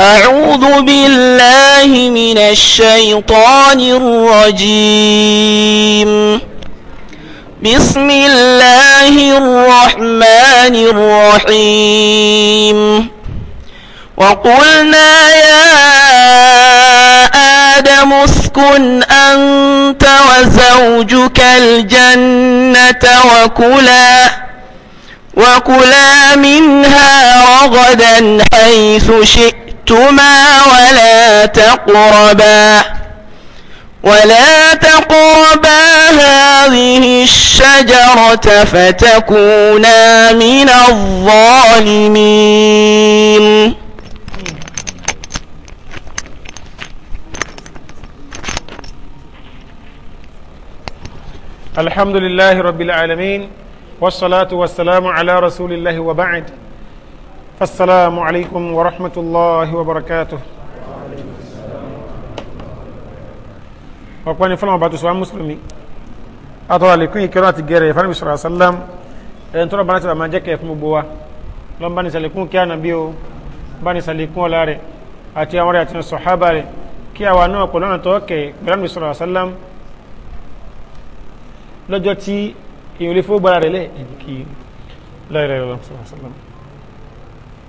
أعوذ بالله من الشيطان الرجيم بسم الله الرحمن الرحيم وقلنا يا آدم اسكن أنت وزوجك الجنة وكلا وكلا منها رغدا حيث شئت كلتما ولا تقربا ولا تقربا هذه الشجرة فتكونا من الظالمين الحمد لله رب العالمين والصلاة والسلام على رسول الله وبعد فالسلام عليكم ورحمة الله وبركاته ọ̀pọ̀ ni fọ́nà ọba tó sọ wá mùsùlùmí àtọ́wà lèkún ìkẹrọ àti gẹ̀rẹ̀ ìfànàbí sọ̀rọ̀ àsálàm ẹni tọ́rọ bánisà máa jẹ́ kẹfún gbogbo wa lọ́n bánisà lèkún kí ànàbí o bánisà lèkún ọlá rẹ̀ àti àwọn rẹ̀ àti sọ̀hábà rẹ̀ kí àwa náà pẹ̀lú ọ̀nà tọ́ọ̀kẹ̀ pẹ̀lú sọ̀rọ̀ àsálàm lọ́jọ́ tí èèyàn lè fó gbára rẹ̀ lẹ́ẹ̀kì láìláìlá sọ̀rọ̀ àsálàm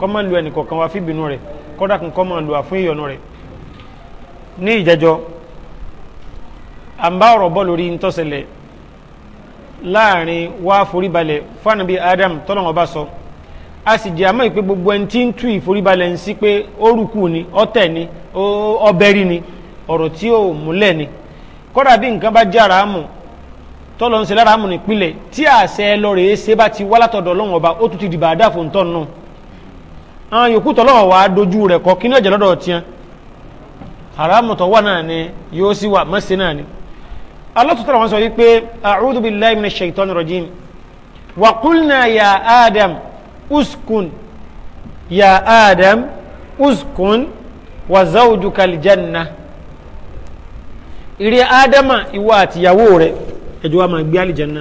kọ́mọ̀ lu ẹnì kọ̀ọ̀kan wa fíbinú rẹ̀ kọ́dà kan kọ́mọ̀ lu wa fún ìyọnu rẹ̀ ní ìjẹjọ́ à ń bá ọ̀rọ̀ bọ́ lórí ntọ́sẹ̀lẹ̀ láàrin wá foríbalẹ̀ fánàbí Adam tọ́lọ̀ wọn bá sọ a sì jẹ́ àmọ́ ìpè gbogbo ẹni tí ń tú ìforíbalẹ̀ ń sí pé ó ni ọ̀tẹ̀ ni ọbẹ̀rí ni ọ̀rọ̀ tí ò múlẹ̀ ni kọ́dà bí nǹkan bá jẹ́ àràámù tọ́lọ̀ ń ṣe lára nípìnlẹ̀ tí àṣẹ ẹlọ́rẹ̀ẹ́ ṣe bá ti wá látọ̀dọ̀ Ọlọ́run ọba ó tún ti dìbà àdáfò ń tọ́ nù àwọn yòókù tọ́lọ́ wa dojú rẹ̀ kọ́ kí ní ọ̀jẹ̀ lọ́dọ̀ tiẹ̀ haramu tó wà náà ni yóò sì wà mọ́sí náà ni alọ́tútọ́lọ́ wọn sọ wípé a'udhu billahi minash shaitani rajim wa qulna ya adam uskun ya adam uskun wa zawjuka aljanna ìrẹ́ adama ìwọ àtìyàwó rẹ̀ ẹjọ́ wa máa gbé aljanna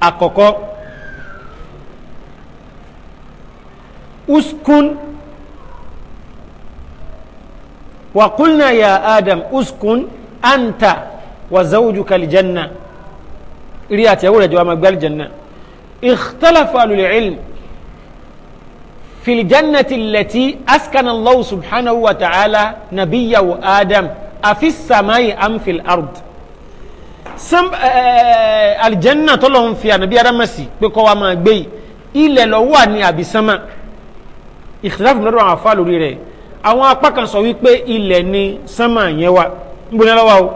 àkọ́kọ́ اسكن وقلنا يا آدم اسكن أنت وزوجك الجنة ريات يقول جواب مقبل الجنة اختلف أهل العلم في الجنة التي أسكن الله سبحانه وتعالى نبيه آدم أفي السماء أم في الأرض سم آه, آه، الجنة طلهم فيها نبي آدم مسي بقوة ما بي إلا لو أني أبي سماء ìtìláfù lọ́dọ̀ àwọn afá lórí rẹ̀ àwọn apá kan sọ wípé ilẹ̀ ni sánmà yẹn wà níbo ni lọ́wọ́ o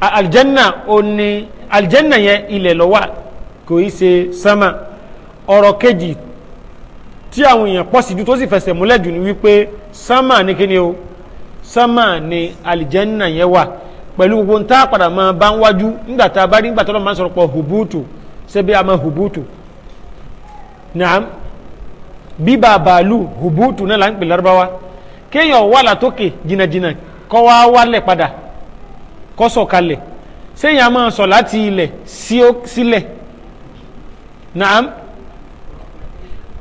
aljanna ó ní aljanna yẹn ilẹ̀ lọ́wọ́ kò í ṣe sánmà ọ̀rọ̀ kejì tí àwọn èèyàn pọ̀ sí ju tó sì fẹsẹ̀ múlẹ̀ jù ní wípé sánmà ni kíni o sánmà ni aljanna yẹn wà pẹ̀lú gbogbo ń tá padà máa bá ń wájú nígbà tá a bá rí nígbà tó lọ́ máa ń sọ̀rọ̀ pọ̀ hubutu ṣebí a máa hubutu bíbà bàálù hùbúùtù náà là ń pè lárúbáwá kéèyàn wà látòkè jìnnàjìnnà kọ́ wá wálẹ̀ padà kọ́ sọ̀kalẹ̀ séèyàn máa sọ̀ láti ilẹ̀ sílẹ̀ naam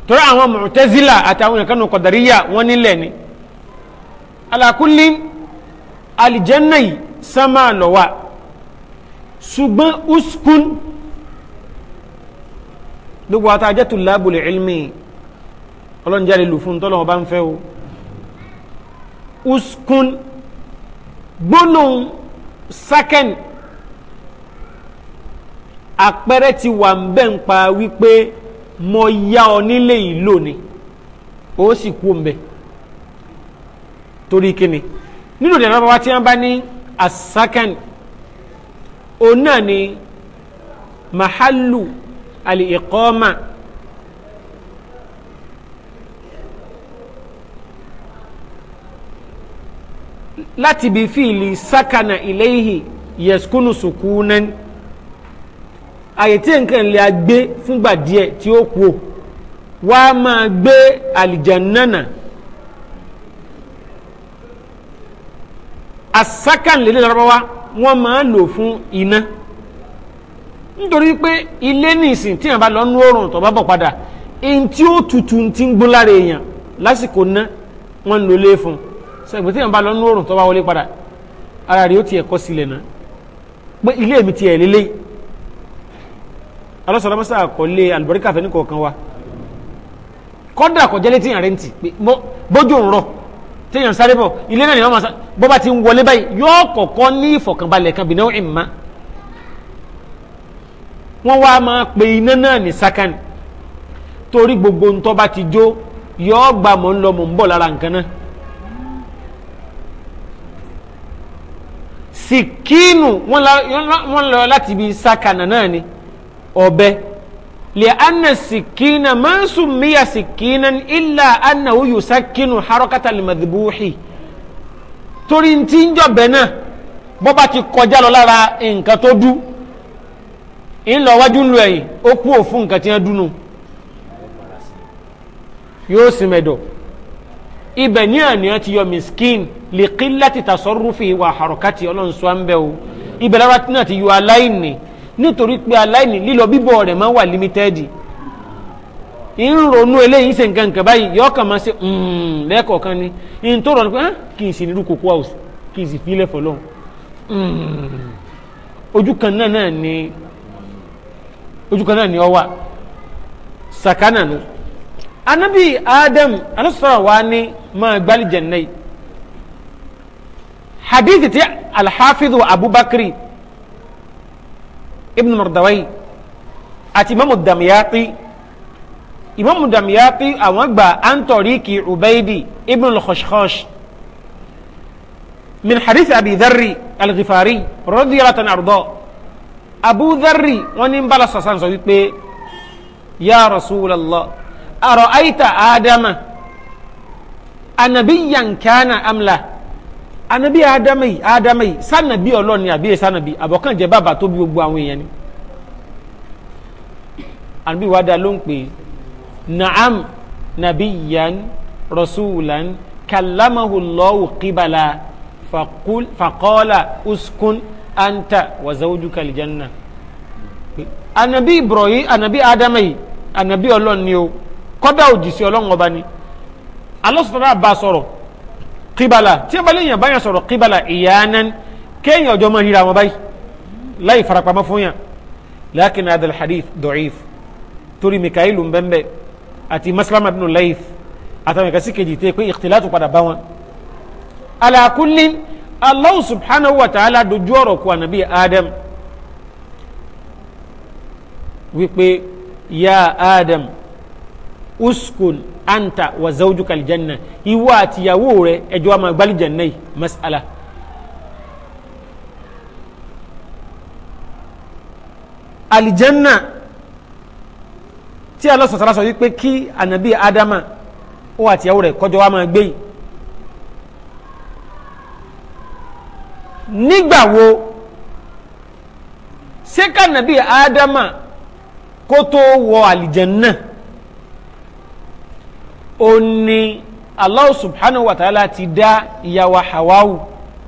torí àwọn mọ̀tẹ́zílà àtàwọn ìkànnì kọ̀dàríyà wọ́n nílẹ̀ ni alákùnlé alìjẹ́nà yìí sánmà lọ́wà ṣùgbọ́n uskun gbogbo àtàjẹ́tù lábùlẹ̀ ilmi ọlọ́run jáde lù fún tọ́lọ́run bá ń fẹ́ o uskun gbónú second àpẹẹrẹ ti wà ń bẹ́ ń pa wípé mo yá ọ nílé ìlò ni ó sì kú ń bẹ torí kíni nínú ìdáná bàbá tí wọ́n bá ní asakan òun náà ni mahalu al-iqama. láti bí fíìlì sákànà ilayhi yẹskúnù sùkúnán àyè tí nǹkan lè gbé fúngbà díẹ̀ tí ó kú wá máa gbé àlìjànnánà àsákàn lè lọ́rọ́wá wọ́n máa lò fún iná nítorí pé ilé nìsín tí yàn bá lọ nú òrùn tó bá bọ̀ padà èyí tí ó tutù ti ń gbó lára èèyàn lásìkò ná wọ́n ń lò lé fún un sọ ìgbà tí yàn bá lọ nú òrùn tó bá wọlé padà ara rẹ̀ ó tiẹ̀ kọ́ sílẹ̀ náà pé ilé mi tiẹ̀ lélẹ̀ alọ́sọ̀rọ̀ mọ́sá àkọlé àlùbáríkà fẹ́ ní kọ̀ọ̀kan wa kọ́dà kọjá létí yàn rẹ́ǹtì pé bójú ń rọ̀ téèyàn sáré bọ̀ ilé náà ni wọ́n máa sá bó bá ti ń wọlé báyìí yóò kọ̀kọ́ ní ìfọ̀kànbalẹ̀ kan bìnú ìmá wọ́n wá máa pe iná náà ní sákàn torí gbogbo ntọ́ bá ti jó yóò gbà mọ́ ń lọ mọ́ ń bọ̀ lára nǹkan náà sikinu wọn lọ láti ibi sakana náà ni ọbẹ lè anna sikina máa ń sùn míyà sikina ilà anna wuyu sakinu harakata limadbuhi torí ti ń jọbẹ náà bọ́ bá ti kọjá lọ lára nǹkan tó dú ńlọ wájú ńlọ ẹ̀yìn ó kú òfun nǹkan tí wọ́n dúnú yóò sì mẹ́dọ̀ ibẹ̀ ní àníyàn ti yọ miskin lè kí láti tasọ́rúfì wà àròkàtì ọlọ́run sọ ń bẹ́ o ibẹ̀ lára tí náà ti yọ aláìní nítorí pé aláìní lílọ bíbọ̀ rẹ̀ máa wà límítẹ́ẹ̀dì ń ronú eléyìí ṣe nǹkan nǹkan báyìí yọ kàn máa ṣe hmm, lẹ́ẹ̀kọ̀ọ̀kan ni n tó rọ̀ pé ah, kì í sì nírú kókó house kì í sì fílẹ̀ fọlọ́ hmm. ojú ni ojú kan náà ni ọ wà sàkánà ni anabi adam anasọ̀rọ̀ wa ni máa gbálí jẹ̀nẹ́ hadithi ti alhafidhu abubakri ibn mardawai àti imamu damiyati imamu damiyati àwọn gba antoriki ubaidi ibn al-khoshkhosh min hadith abi dharri al-ghifari radiyallahu anhu abu dharri wọ́n ní bala sasan sọ wípé ya rasulallah ara'aita adama anabiyan kana amla anabi adamai adamai sanabi ọlọ́ni àbí e sanabi àbọ̀kàn jẹ́ bàbá tó bí gbogbo àwọn èèyàn ni anabi wa da ló ń pè naam nabiyan rasulan kalamahu llahu qibala faqala uskun anta wa zawjuka aljanna anabi ibrahim anabi adamai anabi ọlọ́ni o kọ́dà òjìṣẹ́ ọlọ́run ọba ni alọ́sọ̀tàrà bá sọ̀rọ̀ kíbalà tí a bá lè yàn bá yàn sọ̀rọ̀ kíbalà ìyánan kéèyàn ọjọ́ máa ríra wọn báyìí láì farapamọ́ fún yàn lakin adal hadith da'if torí mikailu mbembe àti maslama bin laif àtàwọn ìkàsí kejì tẹ́ pé ìkìtìlátù padà bá wọn ala kullin subhanahu wa ta'ala dojú ọ̀rọ̀ kú ànàbí adam wípé ya adam uskun anta wa zawjuka aljanna ìwọ àti ìyàwó rẹ ẹjọ àmà gbàlìjànà yìí mas'ala. alijanna tí Allah sọ̀tara sọ wípé kí anabi adama ó àti ìyàwó rẹ kọjọ àmà gbé yìí. nígbàwo ṣé kànábì adama kó tó wọ alijanna. ó ní Allah subhanahu wa ta'ala ti dá ìyàwó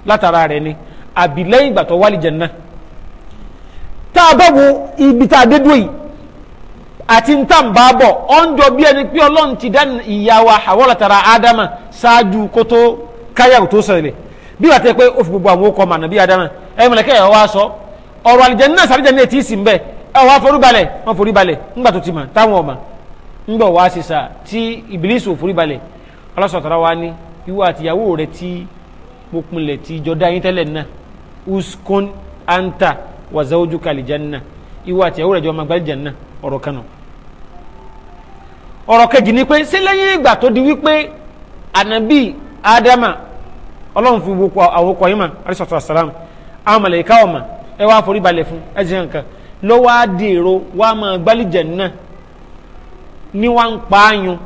látara rẹ̀ ni àbí lẹ́yìn ìgbà tó wà tá a bá wo ibi tá a dé dúró yìí àti ń tàn bá bọ̀ ọ́ ń jọ bí ẹni pé ọlọ́run ti dá ìyàwó hawawu látara ádámà ṣáájú kó tó káyàwó tó ṣẹlẹ̀ bí wàá tẹ́ pé ó fi gbogbo àwọn okọ̀ mànà bí ádámà ẹ̀ ẹ̀ wá sọ ọ̀rọ̀ ńgbọ̀ wá sísà tí ìbílísì òfúrí balẹ̀ ọlọ́sọ̀tara iwu ní ìwọ àtìyàwó rẹ̀ tí mo pinlẹ̀ tí jọdá yín tẹ́lẹ̀ náà uskun anta wa zawjuka aljanna ìwọ àtìyàwó rẹ̀ jọ máa gbálẹ̀ janna ọ̀rọ̀ kan ọ̀rọ̀ kejì ni pé ṣé lẹ́yìn ìgbà tó di wípé anabi adama ọlọ́run fi wọ́pọ̀ àwòkọ̀ yìí mà àrísọ̀tọ̀ àsàlám àwọn ọ̀mà ẹ wá forí balẹ̀ fún Ni wá ń pààyàn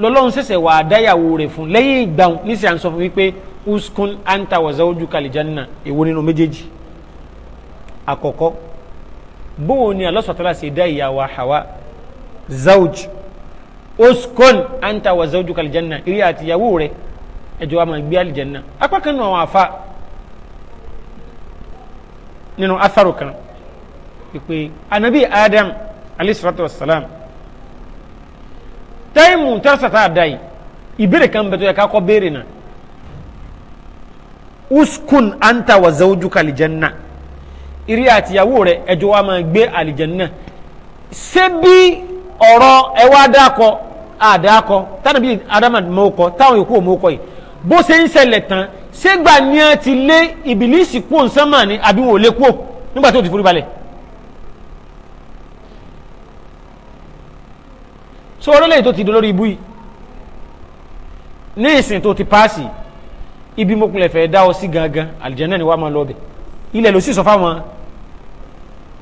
lọ́lọ́run ṣẹ̀ṣẹ̀ wà á dáyàwó rẹ̀ fún lẹ́yìn ìgbà níṣẹ́ à ń sọ fún wípé uskun anta wa zawjuka aljanna èwo nínú méjèèjì àkọ́kọ́ bówo ni Allah subhanahu wa ta'ala ṣe dá ìyàwó Hawa zawj uskun anta wa zawjuka aljanna eré àti ìyàwó rẹ̀ ẹjọ́ wa máa gbé aljanna apá kan nínú àwọn àfa nínú atharu kan pípé anabi Adam alayhi salatu wa salam táìmù tẹ́sà tá a da yìí ìbéèrè kan bẹ̀tọ̀ yẹ ká kọ́ béèrè uskun anta wa zawjuka aljanna ìrí àtìyàwó rẹ̀ ẹjọ́ wa máa gbé aljanna ṣé bí ọ̀rọ̀ ẹ wá dákọ àdákọ tánà bíi adama mọ́kọ táwọn yòókù mọ́kọ yìí bó ṣe ń ṣẹlẹ̀ tán ṣé gbà ní a ti lé ìbílísì kúò ń sánmà ni àbí wọn ò lè kúò nígbà tó ti forí balẹ̀. so orílẹ̀ èdè tó ti di lórí ibú yìí ní ìsìn tó ti paasi ibi mokunlẹ̀ fẹ́ dá sí gangan àlìjẹ́nà ni wàá máa lọ bẹ̀ ilẹ̀ ló sì sọ fáwọn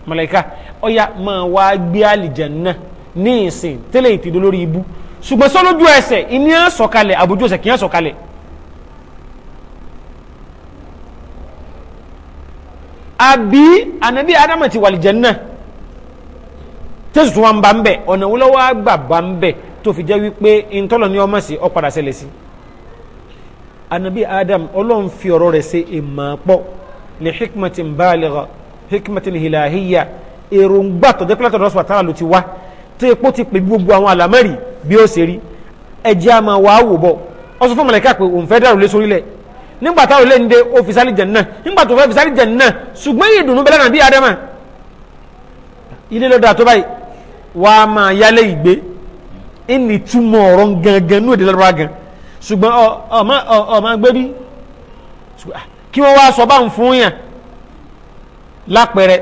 màláíkà ọ̀yà máa wá gbé àlìjẹ́nà ní ìsìn tẹ́lẹ̀ ìtìdó lórí ibú ṣùgbọ́n sọ́lójú ẹsẹ̀ ìní à sọ̀kalẹ̀ àbójú ẹsẹ̀ kì í à sọ̀kalẹ̀ àbí ànábì ádámà ti wà àlìjẹ́nà tẹ́sùtù wọn bá ń bẹ̀ ọ̀nà wo lọ́wọ́ àgbà bá ń bẹ̀ tó fi jẹ́ wípé ntọ́lọ̀ ní ọmọ sí ọ̀padà ṣẹlẹ̀ sí. anabi adam ọlọ́run fi ọ̀rọ̀ rẹ̀ ṣe èèmọ̀ pọ̀ lè hikmatin baligha hikmatin hilahiya èròǹgbà tọ́jọ́ pẹ́lẹ́tọ̀ lọ́sùn àtàrà ló ti wá tó epo ti pè gbogbo àwọn àlámẹ́rì bí ó ṣe rí ẹjẹ́ a máa wá wò bọ̀ ọ sọ fún mọ̀lẹ́kà pé òun fẹ́ dàrú lé sórí lẹ̀ nígbà táwọn olè ń dé ó fi sálì jannah nígbà tó fẹ́ fi sálì jannah ṣùgbọ́n ìdùnnú bẹ́lẹ́ náà adama ilé lọ́dọ̀ àtọ́báyìí wàá máa yálé ìgbé ìní túmọ̀ ọ̀rọ̀ gangan ní òde lọ́dọ̀ gan ṣùgbọ́n ọmọ agbébí ma wọ́n wá sọ bá ń fún yàn lápẹẹrẹ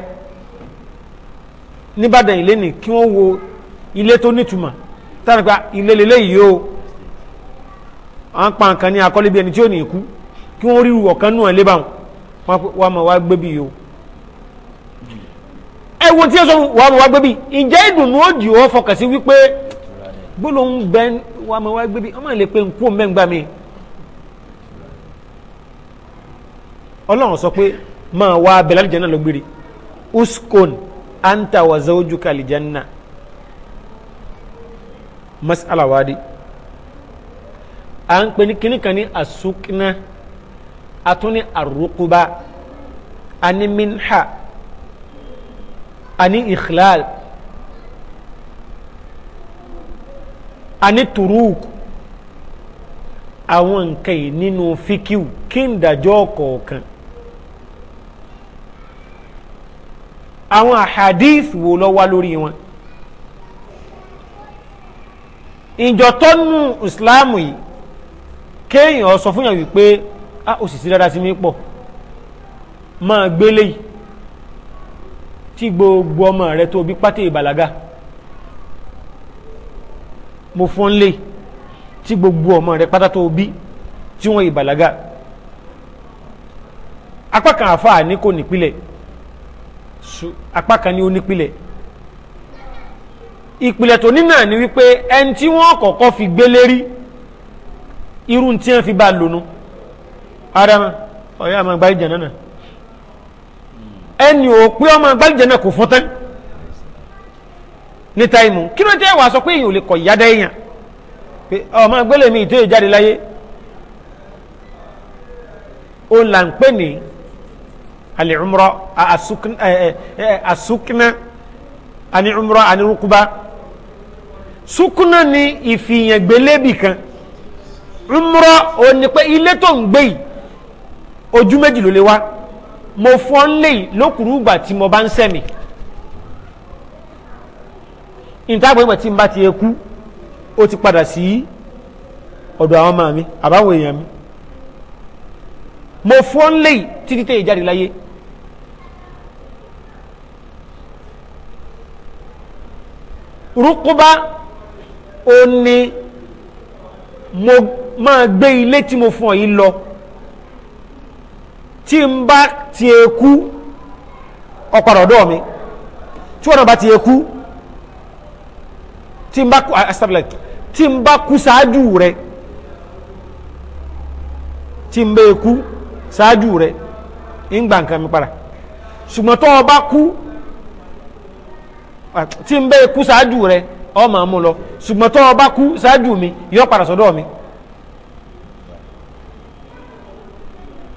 nìbàdàn ilé ni kí wọ́n wo ilé tó nítumọ̀ táwọn ìpa ah, ilé lélẹ́ yìí o wọ́n pa nǹkan ní akọ́lé bí ẹni tí ò ní ikú kí wọ́n rí ọ̀kan nù ẹ̀ lébàwọn wọ́n máa wá gbébí yìí o ẹwọ tí ó sọ wà mọ̀ wá gbé bí ǹjẹ́ ìdùnnú ó jù ọ́ fọkàn sí wípé gbólóhùn bẹ wà mọ̀ wá gbé bí ọmọ lè pe nkú mẹ́ngbà mi ọlọ́run sọ pé máa wá bẹ̀lá lìjẹ́ náà ló gbére uskon anta wa zawjuka lìjẹ́nà mas'ala wadi à ń pè ní kíní kan ní asukna a tún ní arúkúba a ní minha àní ìhlal àní turuk àwọn nǹkan yìí nínú fíkíù kí ń dájọ́ kọ̀ọ̀kan àwọn àhàdíìs wo ló wà lórí wọn ìjọtọ́nù ìsìláàmù yìí kéèyàn sọ fún yàn wípé a ah, ò sì sí dáadáa sí mi pọ̀ máa gbélé yìí tí gbogbo ọmọ rẹ tó bí pátẹ ìbàlágà mo fún lé tí gbogbo ọmọ rẹ pátá tó bí tí wọn ìbàlágà apá kan àfa ní kò nípìlẹ̀ apá kan ní ó nípìlẹ̀ ìpìlẹ̀ tó ní náà ni wípé ẹni tí wọ́n kọ́kọ́ fi gbé lérí irú tí wọ́n fi bá lónú ara ọ̀yá àmàgbá ìjà náà ẹni ò pé ọmọ gbàlùjẹ náà kò fún tán ní táìmù kí ló dé wàá sọ pé èyàn ò lè kọ ìyáda èèyàn pé ọmọ gbélé mi ìtòyè jáde láyé ó là ń pè ní alẹ́ umrọ asukna ani umrọ ani rukuba sukuna ni ìfìyàngbélébì kan umrọ ò ní pé ilé tó ń gbé ojú méjì ló lè wá mo fọ́ ń lè lókùrú ìgbà tí mo bá ń sẹ́mi ìtàgbọ́ ìgbà tí n bá ti ekú ó ti padà sí ọ̀dọ̀ àwọn ọmọ mi àbáwọn èèyàn mi mo fọ́ ń lè títí tẹ́ ìjáde láyé rúkúbá ó ní mo máa gbé ilé tí mo fún ọ yìí lọ tí n bá ti ekú ọ̀pọ̀lọ̀dọ́ mi tí wọ́n bá ti ekú tí n bá kú astabila tí n bá kú ṣáájú rẹ tí n bá ekú ṣáájú rẹ ń gbà nǹkan mi para ṣùgbọ́n tó o bá kú tí n bá ekú ṣáájú rẹ ọmọ àmú lọ ṣùgbọ́n tó o bá kú ṣáájú mi yọ padà sọ́dọ̀ mi.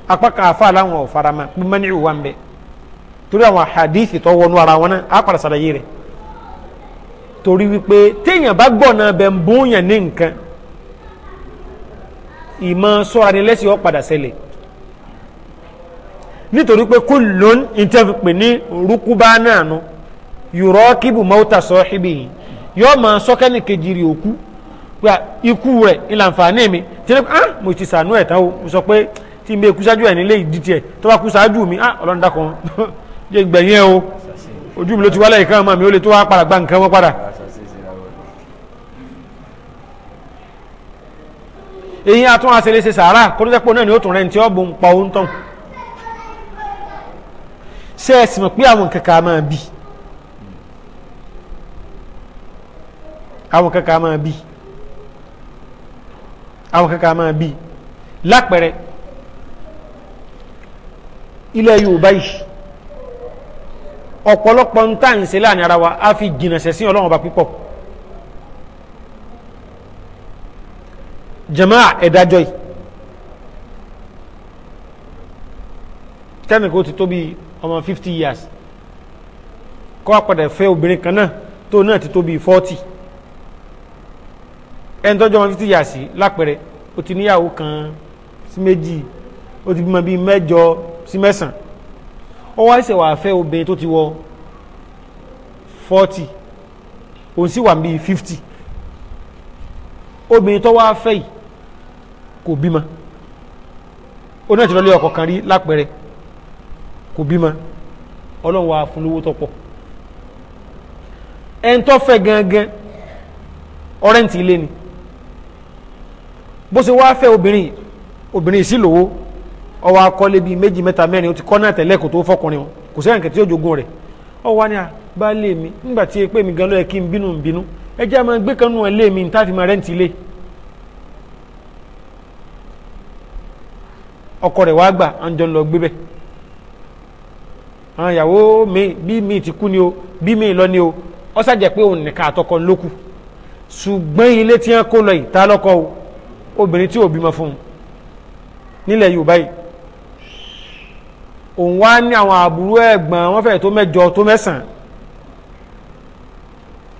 apá kan àfa làwọn ò farama pé mẹ́ni ìwà ń hadithi tó wọnú ara wọn náà á padà sàlàyé rẹ̀ torí wípé téèyàn bá gbọ́ náà bẹ̀ ń bóyàn ní ni lẹ́sìn ọ̀ padà ṣẹlẹ̀ nítorí pé kó lón ìtẹ́fìpè ní rúkúbá náà nu yòrọ́ kíbù mọ́tà sọ́ọ́híbì yìí yóò máa sọ́kẹ́nì kejì rí òkú pé ikú mi tí ah mo ti sànú ẹ̀ tán o mo sọ pé tí mi kú sáájú ẹ̀ nílé ìdí tiẹ̀ tó bá kú sáájú mi ah ọlọ́run dákun jẹ́ gbẹ̀yìn ẹ o ojú mi ló ti wálẹ̀ ìkan ọmọ mi ó lè tó wá padà gba nǹkan wọn padà. èyí atún àṣẹlẹ̀ ṣe sàárà kó tó jẹ́ pé náà ni ó tún rẹ̀ ní tí ó bùn pa ohun tán ṣe é sì mọ̀ pé àwọn kankan máa bì àwọn kankan máa bì àwọn kankan máa bì lápẹẹrẹ ilẹ̀ yorùbá yìí ọ̀pọ̀lọpọ̀ ń tà ń ṣe láàrin ara wa a fi jìnà sẹ̀sìn ọlọ́run ọba púpọ̀ jamaa ẹ̀dájọ́ yìí tẹ́nìkó ti tó bí ọmọ 50 years kọ́ àpàdà fẹ́ obìnrin kan náà tó náà ti tó bí 40 ẹni tọ́jọ́ ọmọ 50 years lápẹẹrẹ ó ti níyàwó kan sí méjì ó ti bímọ bí mẹ́jọ sí mẹ́sàn ó wá ṣe wà fẹ́ obìnrin tó ti wọ 40 òun sì wà bíi 50 obìnrin tó wá fẹ́ yìí kò bímọ ó náà ti lọ lé ọkọ kan rí lápẹẹrẹ kò bímọ ọlọ́run wá fún lówó tọ́pọ̀ ẹn tó fẹ́ gangan ọ̀rẹ́ǹtì ilé ni bó ṣe wá fẹ́ obìnrin obìnrin sì lówó ọwọ́ akọ́lé meji méjì mẹ́ta mẹ́rin ó ti kọ́ náà tẹ̀lé tó fọkùnrin o kò sẹ́yìn kẹ́tí ó jogun rẹ̀ ọwọ́ ni a bá lé mi nígbà tí èpè mi gan ló kí n bínú n bínú ẹ jẹ́ máa gbé kanú ẹ lé mi ní máa rẹ́ǹtì ọkọ rẹ̀ wá gbà ń jọ lọ mi bí mi ti kú ni o bí mi lọ ni o ọ sàjẹ́ pé òun nìkan àtọkọ ló ṣùgbọ́n ilé tí wọ́n kó lọ yìí ta o òun wá ní àwọn àbúrú ẹ̀gbọ́n wọ́n fẹ́ tó mẹ́jọ tó mẹ́sàn-án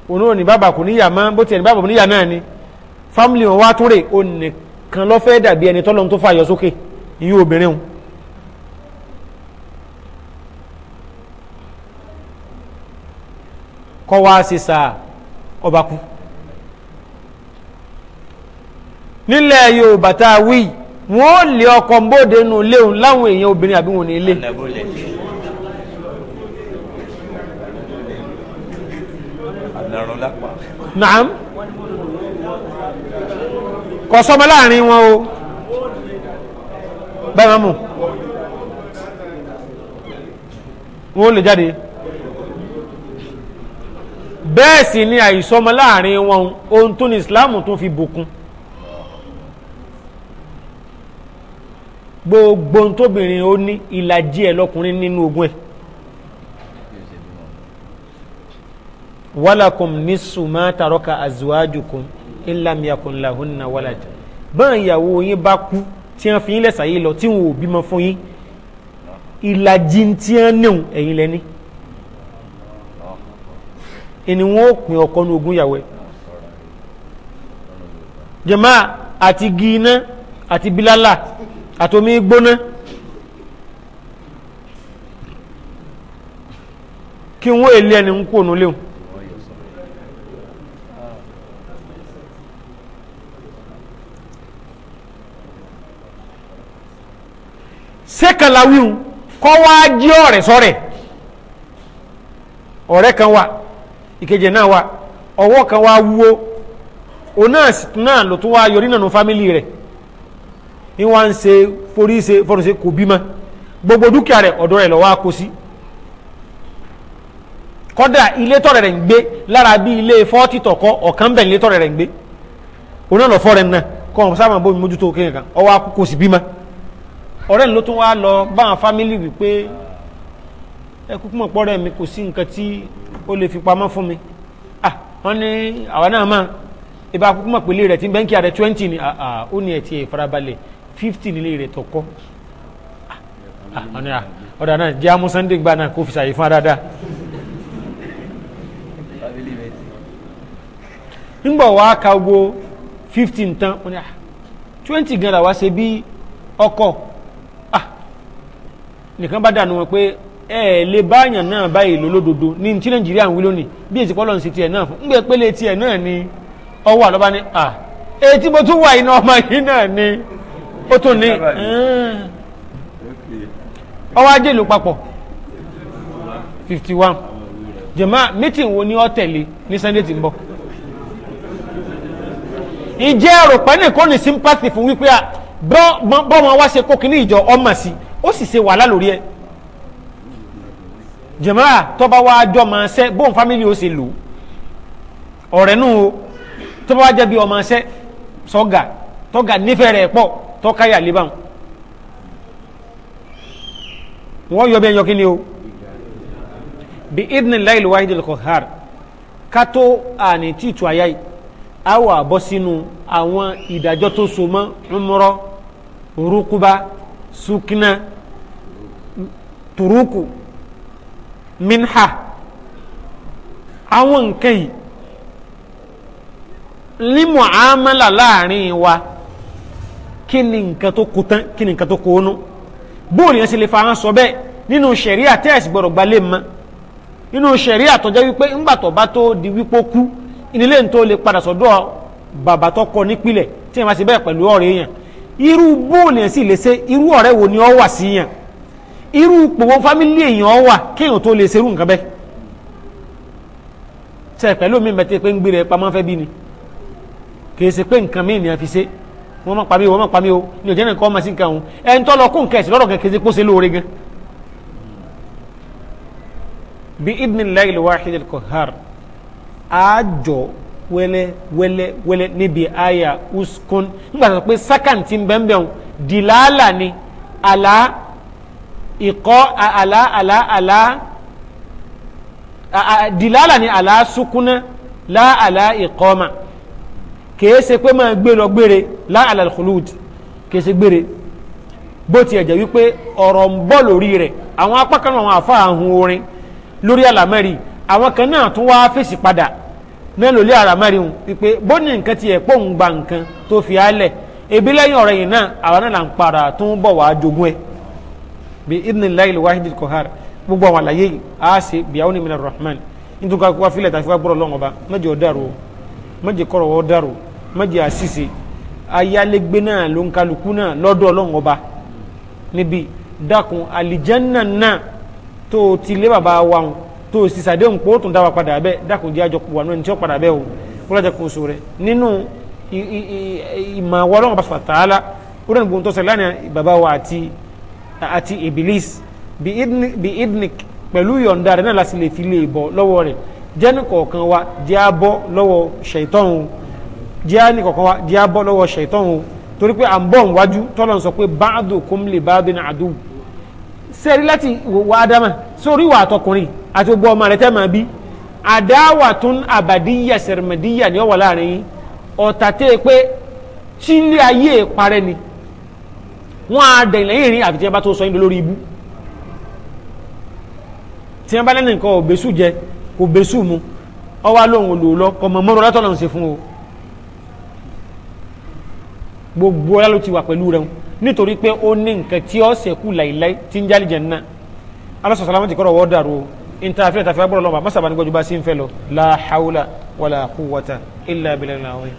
òun ò ní bàbá kò níyà mọ́ bó tiẹ̀ ní bàbá kò níyà náà ni fámìlì wọn wá tún rè òun nìkan lọ́fẹ́ dàbí ẹni tọ́lọ́run tó fàyọ sókè ìyún obìnrin òun. kọ́ wá sí sáà ọba kú nílẹ̀ Yorùbá tá a wí yìí wọn ò lé ọkọ mbóde nù léhùn láwọn èèyàn obìnrin àbí wọn ní ilé. naam kò sọmọ láàrin wọn o bẹ́ẹ̀ máa mú wọn lè jáde bẹ́ẹ̀ sì ni àìsọmọ láàrin wọn ohun tó ní Islam tó fi bùkún. gbogbo tóbìnrin ó ní ìlàjì ẹ̀ lọ́kùnrin nínú ogún ẹ̀ walakum nisu ma taraka azwajukum illam yakun lahunna walad báwọn ìyàwó yín bá kú tí wọ́n fi yín lẹ́sà yìí lọ tí wọ́n ò bímọ fún yín ìlàjì tí wọ́n níhùn ẹ̀yin lẹ́ni ẹni wọn ò pin ọkọ ní ogún ìyàwó ẹ̀ jẹ̀má àti gíná àti bílálà àtomi gbóná kí wọ́n èlé ẹni ń kó ònú léhùn sékànlá wíhun kọ́ wá jí ọ̀rẹ́ sọ́rẹ̀ ọ̀rẹ́ kan wà ìkejì náà wà ọwọ́ kan wá wúwo òun náà sì náà lò tún wá yọrí nànú fámílì rẹ̀ ń wá ń ṣe forí ṣe fọdún ṣe kò bímọ gbogbo dúkìá rẹ̀ ọ̀dọ̀ rẹ̀ lọ́wọ́ akó sí kódà ilé tọrẹ rẹ̀ ń gbé lára bí ilé fọ́ọ̀tì tọ̀kọ́ ọ̀kan bẹ̀ ilé tọrẹ rẹ̀ ń gbé lọ fọ́ọ̀rẹ́ náà kọ́ ọ̀n sábà bómi mójútó kéèyàn kan ọwọ́ akó sí bímọ ọ̀rẹ́ ni ló tún wá lọ báwọn fámìlì wípé ẹ kúkú mọ̀ mi kò sí nǹkan tí ó lè fi pamọ́ fún fifty nílé rẹ̀ tọ̀kọ́ ah, ah, ọ̀dà náà jẹ́ amú sunday gba náà kó fi fún adada nígbà wàá ka fifty tán ah, twenty gan la wá ṣe bí ọkọ̀ nìkan bá dànù wọn pé ẹ lè báyàn náà báyìí lólódodo ní tí nàìjíríà ń wí lónìí bí èsì pọ́lọ́n sí tiẹ̀ náà fún ń gbé pélé tiẹ̀ náà ni ọwọ́ mo tún wà ọmọ ó tún ní ah. ọwọ́ ajé ìlú papọ̀ fifty one jẹ̀má mítìn wo ni ó tẹ̀lé ní sunday tí ń bọ̀ ìjẹ́ àròpá nìkan ní sympathy fún wípé ah, bọ́mọ wá ṣe kó kíní ìjọ ọmọ sí ó sì ṣe wàhálà lórí ẹ jẹ̀má ah, tọ́ba wá jọ máa ṣẹ́ bóun ó ṣe lò o tọ́ba wá jẹ́ bí ọmọ ṣẹ́ sọ́gà tọ́gà tọ́káyà lébàn wọ́n yọ bẹ́ẹ̀ yọkí ni o bí idin láìlú wáyé kọ̀hár kátó àní títù àyáyì a wà bọ́ sínú àwọn ìdájọ́ tó so mọ́ umra rúkúbá sukna turuku minha àwọn nǹkan yìí ní muamala láàrin wa kí ni nǹkan tó kó tán kí ni nǹkan tó kó o nú bóòlù yẹn sì lè fara sọ bẹ́ẹ̀ nínú ṣẹ̀ríà tẹ́ẹ̀sì gbọ́dọ̀ gbalẹ̀ mọ́ nínú ṣẹ̀ríà tó jẹ́ wípé ńgbà tó bá tó di wípé ó kú ìnílé ń tó lè padà sọ́dọ̀ bàbá tó kọ nípìlẹ̀ tí wọ́n bá sì bẹ́ẹ̀ pẹ̀lú ọ̀rẹ́ yẹn irú bóòlù yẹn sì lè ṣe irú ọ̀rẹ́ wo ni ó wà sí yẹn irú pòwó fámílì èèyàn wà kéèyàn tó lè ṣerú nǹkan bẹ́ẹ̀ ṣe pẹ̀lú mi mẹ́tẹ́ pé ń gbére pamọ́ fẹ́ bí ni kì wọ́n máa pàmí wọ́n máa pàmí o ní òjẹ́ nìkan ọmọ sí nǹkan òun ẹ̀ ń tọ́ lọ kún kẹ̀sì lọ́rọ̀ kẹ̀kẹ́ sí pósẹ́ lóore gan. bí idnillahi al-wahid al-qahhar àjọ wẹ́lẹ́ wẹ́lẹ́ wẹ́lẹ́ níbi àyà uskun nígbà tó pé sákàǹtì bẹ́ẹ̀nbẹ́ẹ̀n dìláàlà ni àlá ìkọ́ àlá àlá àlá dìláàlà ni àlá sukuna láàlá ìkọ́mà kìí ṣe pé máa gbé lọ gbére láàlà alkhulud kìí ṣe gbére bó tiẹ̀ jẹ́ wípé ọ̀rọ̀ ń bọ̀ lórí rẹ̀ àwọn apá kan àwọn àfa àhun orin lórí àlàmẹ́rì àwọn kan náà tún wá fèsì padà náà lórí àlàmẹ́rì hùn wípé bó ní nǹkan tiẹ̀ pọ̀ ń gba nǹkan tó fi á lẹ̀ ebi lẹ́yìn ọ̀rẹ́ yìí náà àwọn náà là ń padà tún bọ̀ wá jogún ẹ̀ bí idnillahi al-wahid al gbogbo àwọn àlàyé yìí á ṣe bí àwọn ènìyàn má jẹ́ kọ́rọ̀ wọ́ dàrú má jẹ́ àṣìṣe ayálégbé náà ló ń kálukú náà lọ́dọ̀ ọlọ́run ọba níbi dákun àlìjánná náà tó o ti lé bàbá wa hàn tó o sì sàdéhùn pé ó tún dá wa padà bẹ́ẹ̀ dákun jẹ́ àjọ wà náà ní tí ó padà bẹ́ẹ̀ o wọ́n lọ́jà kó rẹ̀ nínú ìmọ̀ àwọn ọlọ́run ọba fàtàlá ó dẹ̀ gbóhùn tó sọ lánàá bàbá wa àti àti ibilis bí idnik pẹ̀lú yọ̀ǹda rẹ̀ náà láti lè fi lè bọ̀ lọ́wọ́ rẹ̀ jẹ́ni kọ̀ọ̀kan wa jẹ́ a bọ́ lọ́wọ́ ṣẹ̀tọ́n o jẹ́ni kọ̀ọ̀kan wa jẹ́ a bọ́ lọ́wọ́ ṣẹ̀tọ́n o torí pé à ń bọ̀ níwájú tọ́lọ̀ ń sọ pé báàdù kò ń lè báàdù ní àdù sẹ́rí láti wà ádámà sórí wà àtọkùnrin àti gbogbo ọmọ rẹ̀ tẹ́ máa bí àdáwà tún àbàdíyà sẹ̀rẹ̀mẹ̀díyà ni ó láàrin yín ọ̀tà tẹ́ pé sílé ayé parẹ́ ni wọ́n á dẹ̀yìn lẹ́yìn ìrìn àfi tí wọ́n bá tó sọ yín lórí ibú tí wọ́n bá lẹ́nu nǹkan ọ̀gbẹ́sù jẹ kò bẹ́sù mu ọwá lóhun olóòlọ́ ọmọ mọ́rọ̀ látọ̀lọ́ ń ṣe fún o gbogbo ọlá ló ti wà pẹ̀lú rẹ̀ nítorí pé ó ní nǹkan tí ó sẹ̀kú láìláì tí ń jálìjẹ̀ ńnà alásọ̀ sàlámà ti kọ́rọ̀ wọ́ dàrú o ìntàfẹ́ ìtàfẹ́ agbọ́rọ̀ lọ́wọ́ mọ́sàbà ní gbọ́jú bá sí ń fẹ́ lọ la hawla wala quwwata illa billahi